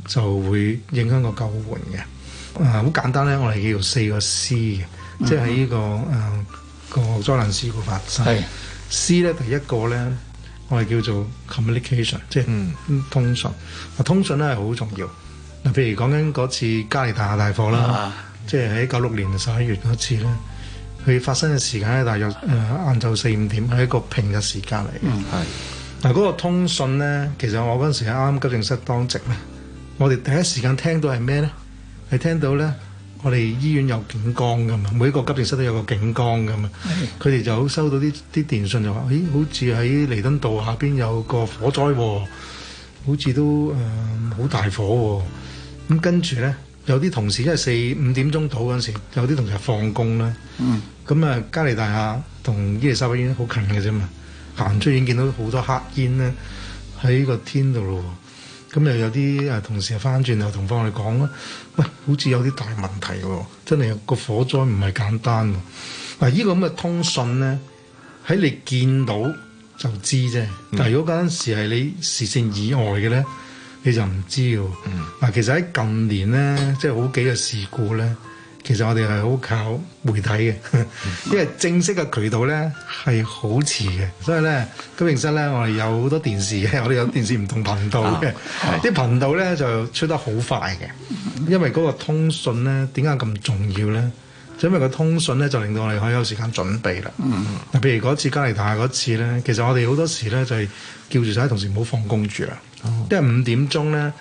就會影響個救援嘅。啊，好簡單咧，我哋叫做四個 C 嘅，即係喺呢個誒個災難事故發生。係 C 咧，第一個咧，我哋叫做 communication，即係通訊。啊，通訊咧係好重要。嗱，譬如講緊嗰次嘉利大廈大火啦。即係喺九六年十一月嗰次咧，佢發生嘅時間咧，大約誒晏晝四五點，係一個平日時間嚟嘅。嗯，係。嗱嗰個通訊咧，其實我嗰陣時啱啱急症室當值咧，我哋第一時間聽到係咩咧？係聽到咧，我哋醫院有警光㗎嘛，每一個急症室都有個警光㗎嘛。佢哋就好收到啲啲電信就話：咦，好似喺彌敦道下邊有個火災喎，好似都誒好大火喎。咁跟住咧。有啲同事一四五點鐘到嗰陣時、時，有啲同事放工啦。咁啊、嗯，嘉利大廈同伊利沙伯醫院好近嘅啫嘛，行出院見到好多黑煙咧喺個天度咯。咁又有啲啊同事翻轉頭同我哋講啦，喂，好似有啲大問題喎，啊，真係個火災唔係簡單喎。嗱，啊，呢、呢個咁嘅通訊咧，喺你見到就知啫。嗯、但係如果嗰陣時係你視線以外嘅咧？你就唔知喎，嗱，其實喺近年咧，即係好幾個事故咧，其實我哋係好靠媒體嘅，因為正式嘅渠道咧係好遲嘅，所以咧咁其實咧我哋有好多電視嘅，我哋有電視唔同頻道嘅，啲、啊啊、頻道咧就出得好快嘅，因為嗰個通訊咧點解咁重要咧？因為個通訊咧，就令到我哋可以有時間準備啦。嗯嗯，嗱，譬如嗰次加尼大嗰次咧，其實我哋好多時咧就係叫住晒同事唔好放工住啦。嗯，因為五點鐘咧，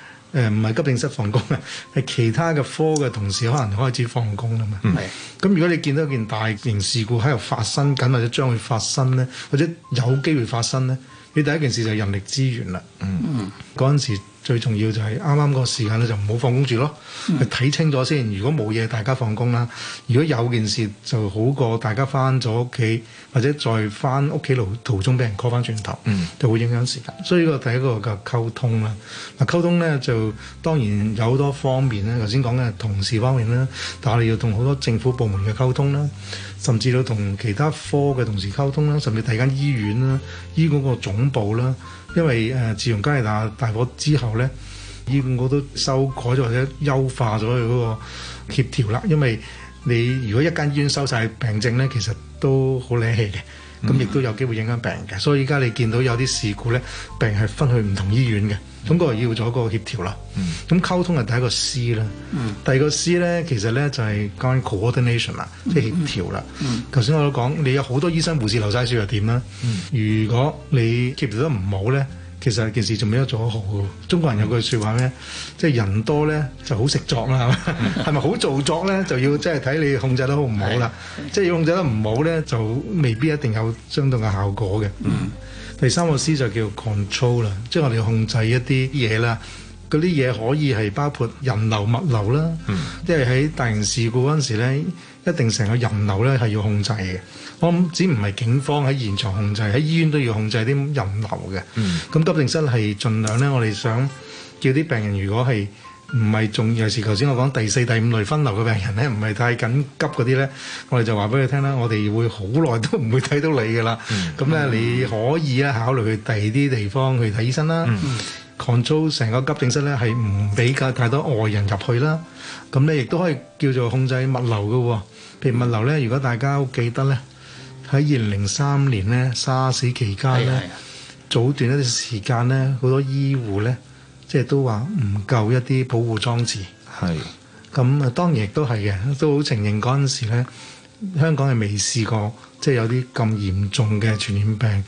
誒唔係急症室放工啊，係其他嘅科嘅同事可能開始放工啦嘛。嗯，咁如果你見到件大型事故喺度發生緊，或者將會發生咧，或者有機會發生咧，你第一件事就係人力資源啦。嗯嗯，嗰陣時。最重要就係啱啱個時間咧，就唔好放工住咯，睇清咗先。如果冇嘢，大家放工啦；如果有件事，就好過大家翻咗屋企，或者再翻屋企路途中俾人 call 翻轉頭，嗯、就會影響時間。嗯、所以呢個第一個嘅溝通啦，嗱溝通咧就當然有好多方面咧。頭先講嘅同事方面啦，但係要同好多政府部門嘅溝通啦，甚至到同其他科嘅同事溝通啦，甚至睇間醫院啦，醫嗰個總部啦。因為自從加拿大大火之後呢，醫院我都修改咗或者優化咗佢嗰個協調啦。因為你如果一間醫院收晒病症呢，其實都好厲氣嘅，咁亦都有機會影響病人嘅。所以依家你見到有啲事故呢，病係分去唔同醫院嘅。咁個要咗個協調啦，咁溝通係第一個 C 啦，第二個 C 咧，其實咧就係關於 coordination 啦，即係協調啦。頭先我都講，你有好多醫生、護士流晒血又點咧？如果你協調得唔好咧，其實件事仲未有做得好。中國人有句説話咩？即係人多咧就好食作啦，係咪？係咪好做作咧？就要即係睇你控制得好唔好啦。即係要控制得唔好咧，就未必一定有相對嘅效果嘅。第三個 C 就叫 control 啦，即係我哋要控制一啲嘢啦，嗰啲嘢可以係包括人流、物流啦，嗯、即係喺大型事故嗰陣時咧，一定成個人流咧係要控制嘅。我諗只唔係警方喺現場控制，喺醫院都要控制啲人流嘅。咁、嗯、急症室係盡量咧，我哋想叫啲病人，如果係。唔係仲尤其是頭先我講第四、第五類分流嘅病人咧，唔係太緊急嗰啲咧，我哋就話俾佢聽啦，我哋會好耐都唔會睇到你㗎啦。咁咧、嗯、你可以咧考慮去第二啲地方去睇醫生啦。Control 成、嗯、個急症室咧係唔俾較太多外人入去啦。咁咧亦都可以叫做控制物流嘅。譬如物流咧，如果大家記得咧，喺二零零三年咧，沙士期間咧，早段一段時間咧，好多醫護咧。即係都話唔夠一啲保護裝置，係咁啊！當然亦都係嘅，都好承認嗰陣時咧，香港係未試過即係有啲咁嚴重嘅傳染病，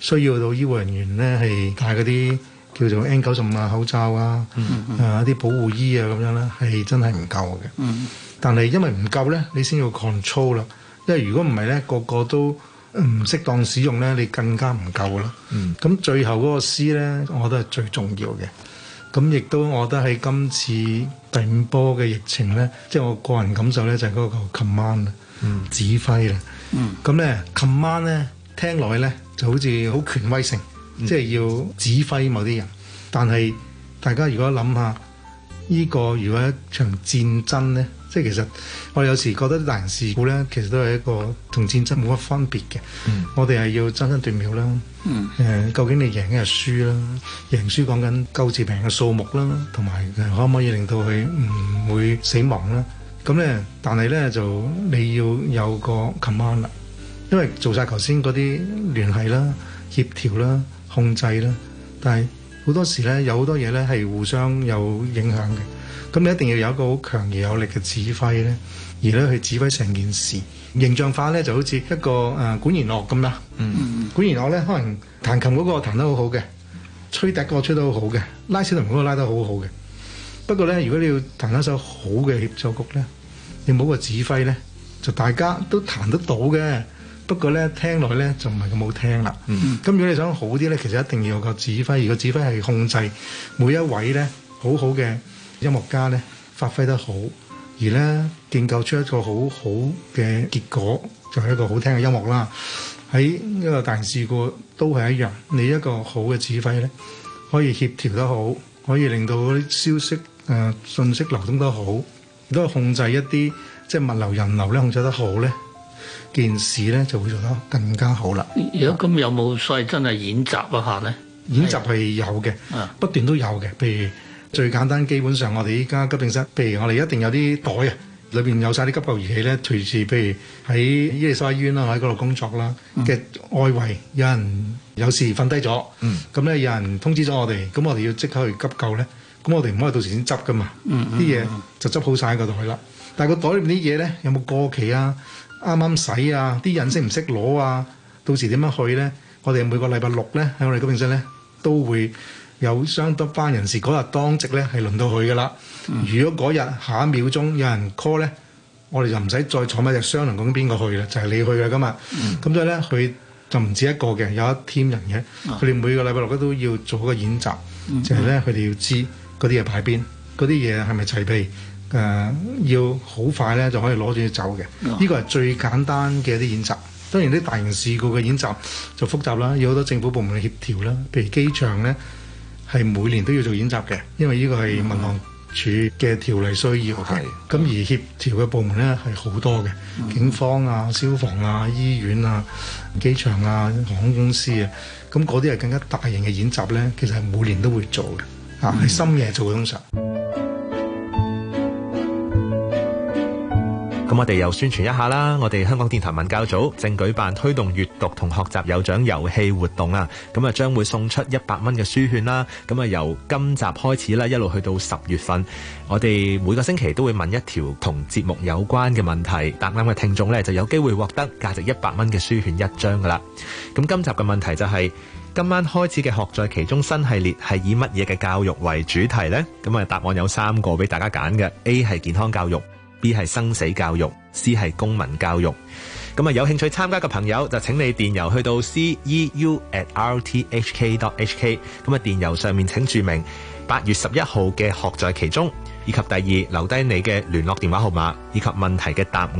需要到醫護人員咧係戴嗰啲叫做 N 九十五嘅口罩啊， 呃、一啲保護衣啊咁樣啦，係真係唔夠嘅。 但係因為唔夠咧，你先要 control 啦。因為如果唔係咧，個個都唔適當使用咧，你更加唔夠咯。咁、嗯、最後嗰個 C 咧，我覺得係最重要嘅。咁亦都，我覺得喺今次第五波嘅疫情咧，即係我個人感受咧，就係嗰個 command 啦、嗯，指揮啦。咁咧、嗯，command 咧聽落去咧，就好似好權威性，即係要指揮某啲人。但係大家如果諗下，呢個如果一場戰爭咧。即係其實我哋有時覺得啲大型事故咧，其實都係一個同戰爭冇乜分別嘅。我哋係要爭分奪秒啦。誒，究竟你贏嘅係輸啦，贏輸講緊救治病嘅數目啦，同埋可唔可以令到佢唔會死亡啦。咁咧，但係咧就你要有個 command，因為做曬頭先嗰啲聯繫啦、協調啦、控制啦，但係好多時咧有好多嘢咧係互相有影響嘅。咁你一定要有一個好強而有力嘅指揮咧，而咧去指揮成件事。形象化咧就好似一個誒、呃、管弦樂咁啦。嗯嗯管弦樂咧可能彈琴嗰個彈得好好嘅，吹笛嗰個吹得好好嘅，拉小提琴嗰個拉得好好嘅。不過咧，如果你要彈一首好嘅協奏曲咧，你冇個指揮咧，就大家都彈得到嘅。不過咧，聽落去咧就唔係咁好聽啦。咁、嗯嗯、如果你想好啲咧，其實一定要有個指揮。而個指揮係控制每一位咧，好好嘅。音樂家咧發揮得好，而咧建構出一個好好嘅結果，就係一個好聽嘅音樂啦。喺一個大事故都係一樣，你一個好嘅指揮咧，可以協調得好，可以令到啲消息、誒信息流通得好，都係控制一啲即係物流人流咧控制得好咧，件事咧就會做得更加好啦。如果咁有冇所以真係演習一下咧？演習係有嘅，不斷都有嘅，譬如。最簡單，基本上我哋依家急症室，譬如我哋一定有啲袋啊，裏邊有曬啲急救儀器咧。隨時譬如喺伊利沙伯醫院啦，我喺嗰度工作啦嘅外圍，有人有事瞓低咗，咁咧有人通知咗我哋，咁我哋要即刻去急救咧，咁我哋唔可以到時先執噶嘛，啲嘢就執好曬個袋啦。但係個袋裏邊啲嘢咧，有冇過期啊？啱啱洗啊？啲人識唔識攞啊？到時點樣去咧？我哋每個禮拜六咧喺我哋急症室咧都會。有相多班人士嗰日當值咧，係輪到佢噶啦。如果嗰日下一秒鐘有人 call 咧、嗯，我哋就唔使再坐埋，就商量講邊個去啦，就係你去嘅今日。咁、嗯、所以咧，佢就唔止一個嘅，有一 team 人嘅。佢哋、嗯、每個禮拜六都都要做一個演習，嗯、就係咧佢哋要知嗰啲嘢擺邊，嗰啲嘢係咪齊備，誒、呃、要好快咧就可以攞住走嘅。呢個係最簡單嘅啲演習。當然啲大型事故嘅演習就複雜啦，要好多政府部門嘅協調啦，譬如機場咧。係每年都要做演習嘅，因為呢個係民航處嘅條例需要嘅。咁而協調嘅部門呢係好多嘅，警方啊、消防啊、醫院啊、機場啊、航空公司啊，咁嗰啲係更加大型嘅演習呢，其實係每年都會做嘅，啊，係深夜做嘅通常。咁我哋又宣傳一下啦，我哋香港電台文教組正舉辦推動閱讀同學習有獎遊戲活動啦。咁啊，將會送出一百蚊嘅書券啦。咁啊，由今集開始啦，一路去到十月份，我哋每個星期都會問一條同節目有關嘅問題，答啱嘅聽眾呢，就有機會獲得價值一百蚊嘅書券一張噶啦。咁今集嘅問題就係今晚開始嘅學在其中新系列係以乜嘢嘅教育為主題呢？咁啊，答案有三個俾大家揀嘅，A 係健康教育。B 係生死教育，C 係公民教育。咁啊，有興趣參加嘅朋友就請你電郵去到 ceu@rthk.hk。咁啊，電郵上面請注明。八月十一號嘅學在其中，以及第二留低你嘅聯絡電話號碼以及問題嘅答案，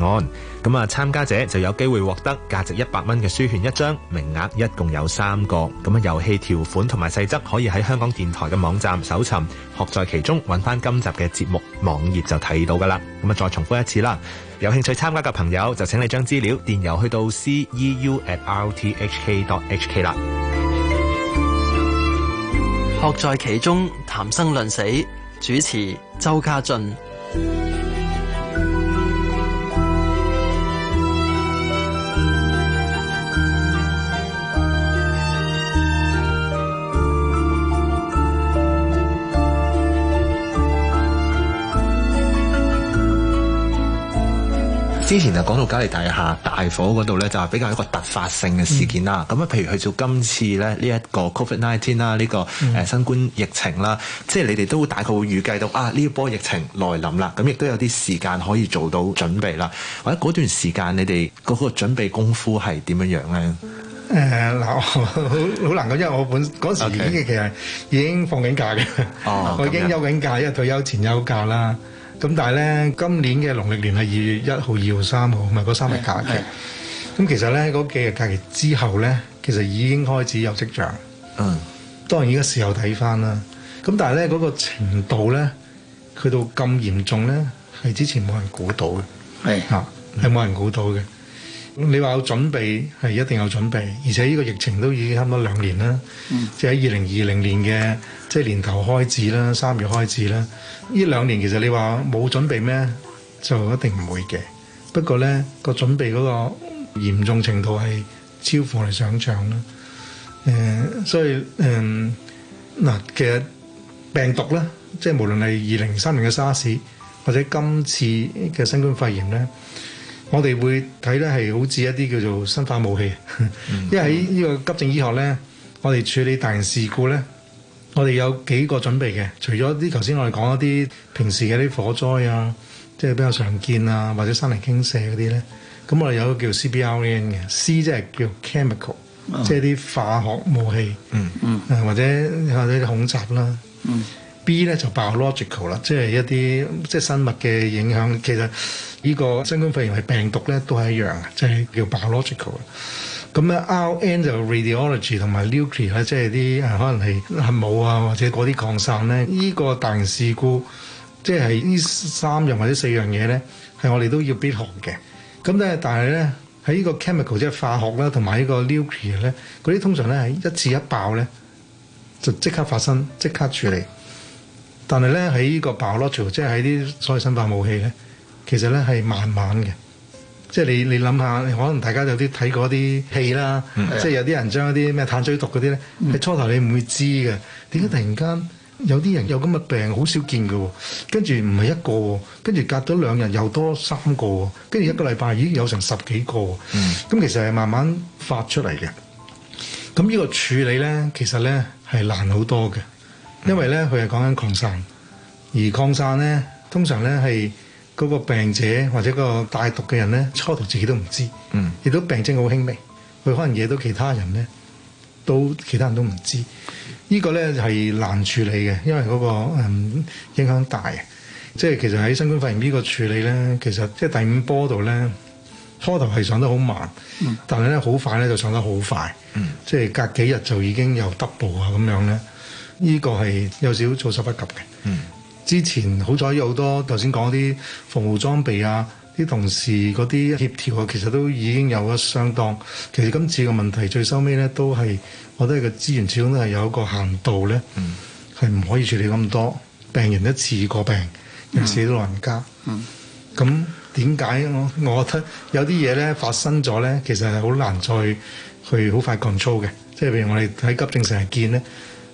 咁啊參加者就有機會獲得價值一百蚊嘅書券一張，名額一共有三個。咁啊遊戲條款同埋細則可以喺香港電台嘅網站搜尋，學在其中，揾翻,今集嘅節目網頁就睇到噶啦。咁啊再重複一次啦，有興趣參加嘅朋友就請你將資料電郵去到 c e u at r t h k dot h k 啦。學在其中，談生論死，主持周家俊。之前就講到嘉利大廈大火嗰度咧，就比較一個突發性嘅事件啦。咁啊、嗯，譬如去到今次咧呢一個 Covid nineteen 啦，呢個誒新冠疫情啦，嗯、即係你哋都大概會預計到啊呢一、這個、波疫情來臨啦。咁亦都有啲時間可以做到準備啦。或者嗰段時間你哋嗰個準備功夫係點樣樣咧？誒嗱，好好難講，因為我本嗰時已經其實已經放緊假嘅，我已經休緊假，樣因為退休前休假啦。咁但係咧，今年嘅農曆年係二月一號、二號、三號，唔係嗰三日假期。咁其實咧，嗰幾日假期之後咧，其實已經開始有跡象。嗯，當然而家時候睇返啦。咁但係咧，嗰個程度咧，去到咁嚴重咧，係之前冇人估到嘅。係啊是，係冇人估到嘅。你話有準備係一定有準備，而且呢個疫情都已經差唔多兩年啦、嗯。即係二零二零年嘅即係年頭開始啦，三月開始啦。呢兩年其實你話冇準備咩，就一定唔會嘅。不過呢、這個準備嗰個嚴重程度係超乎我哋想象啦。誒、呃，所以誒嗱、呃，其實病毒呢，即係無論係二零三年嘅沙士，或者今次嘅新冠肺炎呢，我哋會睇咧係好似一啲叫做生化武器，嗯、因為喺呢個急症醫學咧，我哋處理大型事故咧，我哋有幾個準備嘅。除咗啲頭先我哋講一啲平時嘅啲火災啊，即係比較常見啊，或者山泥傾瀉嗰啲咧，咁我哋有個叫 CBRN 嘅，C 即係叫 chemical，即係啲化學武器，嗯，嗯或，或者或者啲恐襲啦，嗯。B 咧就 biological 啦，即係一啲即係生物嘅影響。其實呢個新冠肺炎係病毒咧都係一樣即係叫 biological 啦。咁咧 R N 就 radiology 同埋 nuclear 咧，即係啲、嗯、可能係核武啊，或者嗰啲擴散咧。呢、這個大型事故即係呢三樣或者四樣嘢咧，係我哋都要必學嘅。咁咧，但係咧喺呢個 chemical 即係化學啦，同埋呢個 nuclear 咧，嗰啲通常咧係一次一爆咧，就即刻發生，即刻處理。但係咧，喺呢個 biological，即係喺啲所謂生化武器咧，其實咧係慢慢嘅。即係你你諗下，可能大家有啲睇過啲戲啦，即係有啲人將一啲咩碳疽毒嗰啲咧，喺初頭你唔會知嘅。點解突然間有啲人有咁嘅病？好少見㗎喎。跟住唔係一個，跟住隔咗兩日又多三個，跟住一個禮拜已經有成十幾個。咁其實係慢慢發出嚟嘅。咁呢個處理咧，其實咧係難好多嘅。因為咧，佢係講緊擴散，而擴散咧，通常咧係嗰個病者或者個帶毒嘅人咧，初頭自己都唔知，亦、嗯、都病症好輕微，佢可能惹到其他人咧，都其他人都唔知。這個、呢個咧係難處理嘅，因為嗰、那個、嗯、影響大。即係其實喺新冠肺炎呢個處理咧，其實即係第五波度咧，初頭係上得好慢，嗯、但係咧好快咧就上得好快，嗯、即係隔幾日就已經有 double 啊咁樣咧。呢個係有少措手不及嘅。嗯、之前好彩有好多，頭先講啲服務裝備啊，啲同事嗰啲協調啊，其實都已經有咗相當。其實今次嘅問題最收尾咧，都係我覺得個資源始終都係有一個限度咧，係唔、嗯、可以處理咁多病人一次過病，尤其是老人家。咁點解我覺得有啲嘢咧發生咗咧，其實係好難再去好快 control 嘅，即係譬如我哋喺急症成日見咧。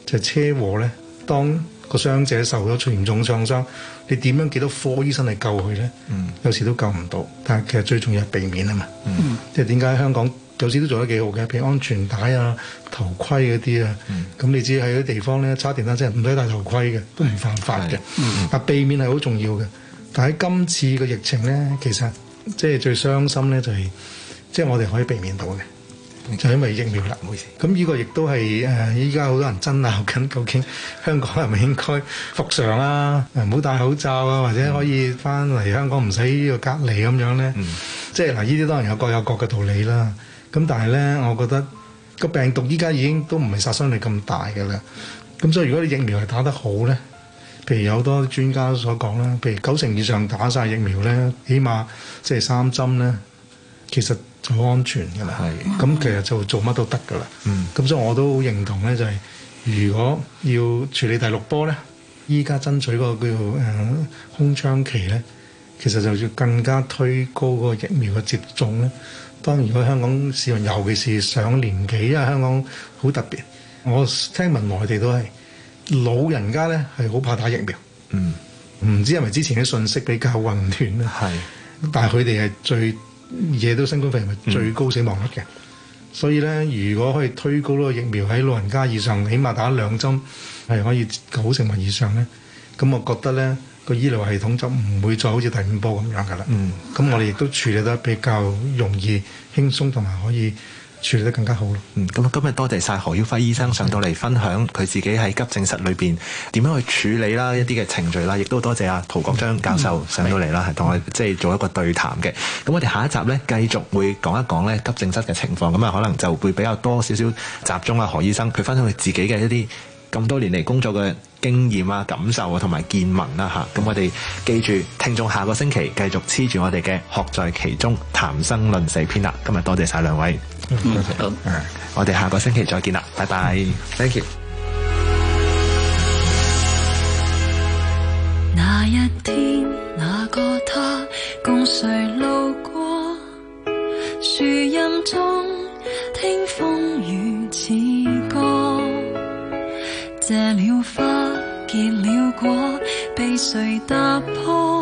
就係車禍咧，當個傷者受咗嚴重創傷，你點樣幾多科醫生嚟救佢咧？嗯、有時都救唔到。但係其實最重要係避免啊嘛。嗯、即係點解香港有時都做得幾好嘅，譬如安全帶啊、頭盔嗰啲啊。咁、嗯、你知喺啲地方咧，揸電單車唔使戴頭盔嘅，都唔、嗯、犯法嘅。啊、嗯，嗯、避免係好重要嘅。但係今次個疫情咧，其實即係最傷心咧、就係，就係即係我哋可以避免到嘅。就因為疫苗啦，唔好意思。咁呢個亦都係誒，依家好多人爭拗緊，究竟香港係咪應該復常啊？唔好戴口罩啊，或者可以翻嚟香港唔使呢個隔離咁樣咧？即係嗱，依啲當然有各有各嘅道理啦。咁但係咧，我覺得個病毒依家已經都唔係殺傷力咁大㗎啦。咁所以如果你疫苗係打得好咧，譬如有好多專家所講啦，譬如九成以上打曬疫苗咧，起碼即係三針咧，其實。就好安全㗎啦，係，咁其實就做乜都得㗎啦。咁所以我都好認同咧，就係如果要處理第六波咧，依家爭取嗰個叫做誒空窗期咧，其實就要更加推高嗰個疫苗嘅接種咧。當然，如果香港市民，尤其是上年紀啊，因為香港好特別，我聽聞內地都係老人家咧係好怕打疫苗。嗯，唔知係咪之前嘅信息比較混亂呀。係，但係佢哋係最。夜都新冠肺炎係最高死亡率嘅，所以咧，如果可以推高嗰個疫苗喺老人家以上，起碼打兩針，係可以九成或以上咧，咁我覺得咧個醫療系統就唔會再好似第五波咁樣噶啦。嗯，咁我哋亦都處理得比較容易、輕鬆同埋可以處理得更加好，嗯，咁今日多謝晒何曉輝醫生 Okay. 上到嚟分享佢自己喺急症室裏邊點樣去處理啦，一啲嘅程序啦，亦都多謝阿陶國璋教授上到嚟啦，同、嗯嗯、我即係、嗯、做一個對談嘅。咁、嗯、我哋下一集呢，繼續會講一講咧急症室嘅情況，咁啊可能就會比較多少少集中啊。何醫生佢分享佢自己嘅一啲咁多年嚟工作嘅經驗啊、感受啊同埋見聞啦、啊、嚇。咁我哋記住，聽眾下個星期繼續黐住我哋嘅學在其中談生論死篇啦。今日多謝晒兩位。我哋下個星期再見啦，拜拜 holding。Thank you 果 iffs。那一天，那個他，共誰路過？樹蔭中，聽風雨似歌。謝了花，結了果，被誰打破？